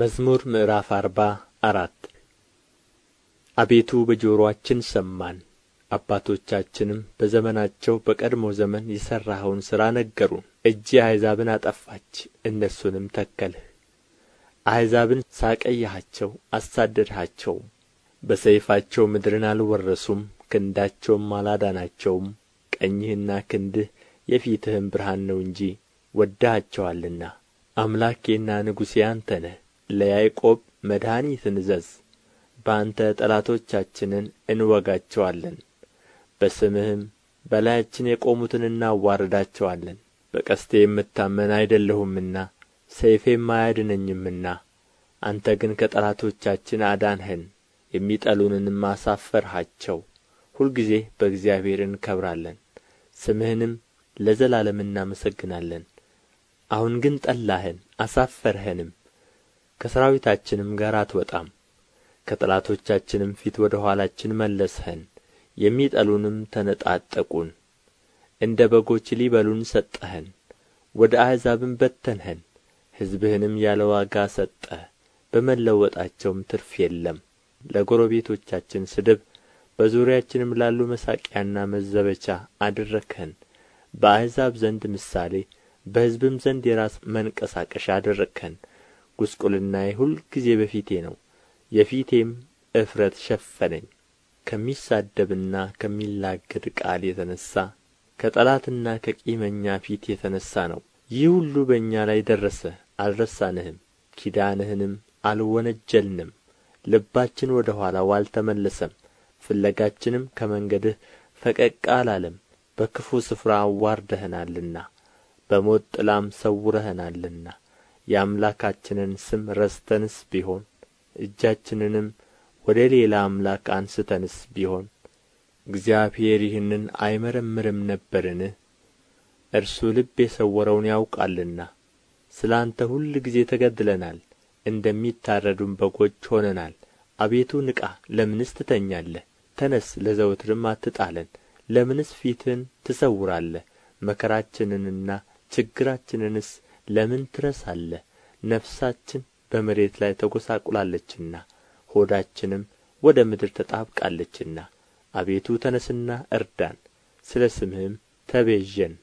መዝሙር ምዕራፍ አርባ አራት አቤቱ በጆሮአችን ሰማን፣ አባቶቻችንም በዘመናቸው በቀድሞ ዘመን የሠራኸውን ሥራ ነገሩን። እጅ አሕዛብን አጠፋች፣ እነሱንም ተከልህ። አሕዛብን ሳቀየሃቸው፣ አሳደድሃቸውም። በሰይፋቸው ምድርን አልወረሱም፣ ክንዳቸውም አላዳናቸውም። ቀኝህና ክንድህ የፊትህም ብርሃን ነው እንጂ ወዳሃቸዋልና። አምላኬና ንጉሴ አንተ ነህ። ለያዕቆብ መድኃኒትን እዘዝ በአንተ ጠላቶቻችንን እንወጋቸዋለን በስምህም በላያችን የቆሙትን እናዋርዳቸዋለን በቀስቴ የምታመን አይደለሁምና ሰይፌም አያድነኝምና አንተ ግን ከጠላቶቻችን አዳንኸን የሚጠሉንንም አሳፈርሃቸው ሁልጊዜ በእግዚአብሔር እንከብራለን ስምህንም ለዘላለም እናመሰግናለን አሁን ግን ጠላኸን አሳፈርኸንም ከሠራዊታችንም ጋር አትወጣም ከጠላቶቻችንም ፊት ወደ ኋላችን መለስኸን የሚጠሉንም ተነጣጠቁን እንደ በጎች ሊበሉን ሰጠኸን ወደ አሕዛብም በተንኸን ሕዝብህንም ያለ ዋጋ ሰጠህ በመለወጣቸውም ትርፍ የለም ለጎረቤቶቻችን ስድብ በዙሪያችንም ላሉ መሳቂያና መዘበቻ አደረግኸን በአሕዛብ ዘንድ ምሳሌ በሕዝብም ዘንድ የራስ መንቀሳቀሻ አደረግኸን ጉስቁልናዬ ሁልጊዜ በፊቴ ነው የፊቴም እፍረት ሸፈነኝ ከሚሳደብና ከሚላገድ ቃል የተነሣ ከጠላትና ከቂመኛ ፊት የተነሣ ነው ይህ ሁሉ በእኛ ላይ ደረሰ አልረሳንህም ኪዳንህንም አልወነጀልንም ልባችን ወደ ኋላው አልተመለሰም ፍለጋችንም ከመንገድህ ፈቀቅ አላለም በክፉ ስፍራ አዋርደኸናልና በሞት ጥላም ሰውረኸናልና የአምላካችንን ስም ረስተንስ ቢሆን እጃችንንም ወደ ሌላ አምላክ አንስተንስ ቢሆን እግዚአብሔር ይህንን አይመረምርም ነበርን እርሱ ልብ የሰወረውን ያውቃልና ስለ አንተ ጊዜ ተገድለናል እንደሚታረዱም በጎች ሆነናል አቤቱ ንቃ ለምንስ ትተኛለህ ተነስ ለዘውትርም አትጣለን ለምንስ ፊትህን ትሰውራለህ መከራችንንና ችግራችንንስ ለምን ትረሳለህ ነፍሳችን በመሬት ላይ ተጎሳቁላለችና ሆዳችንም ወደ ምድር ተጣብቃለችና አቤቱ ተነስና እርዳን ስለ ስምህም ተቤዠን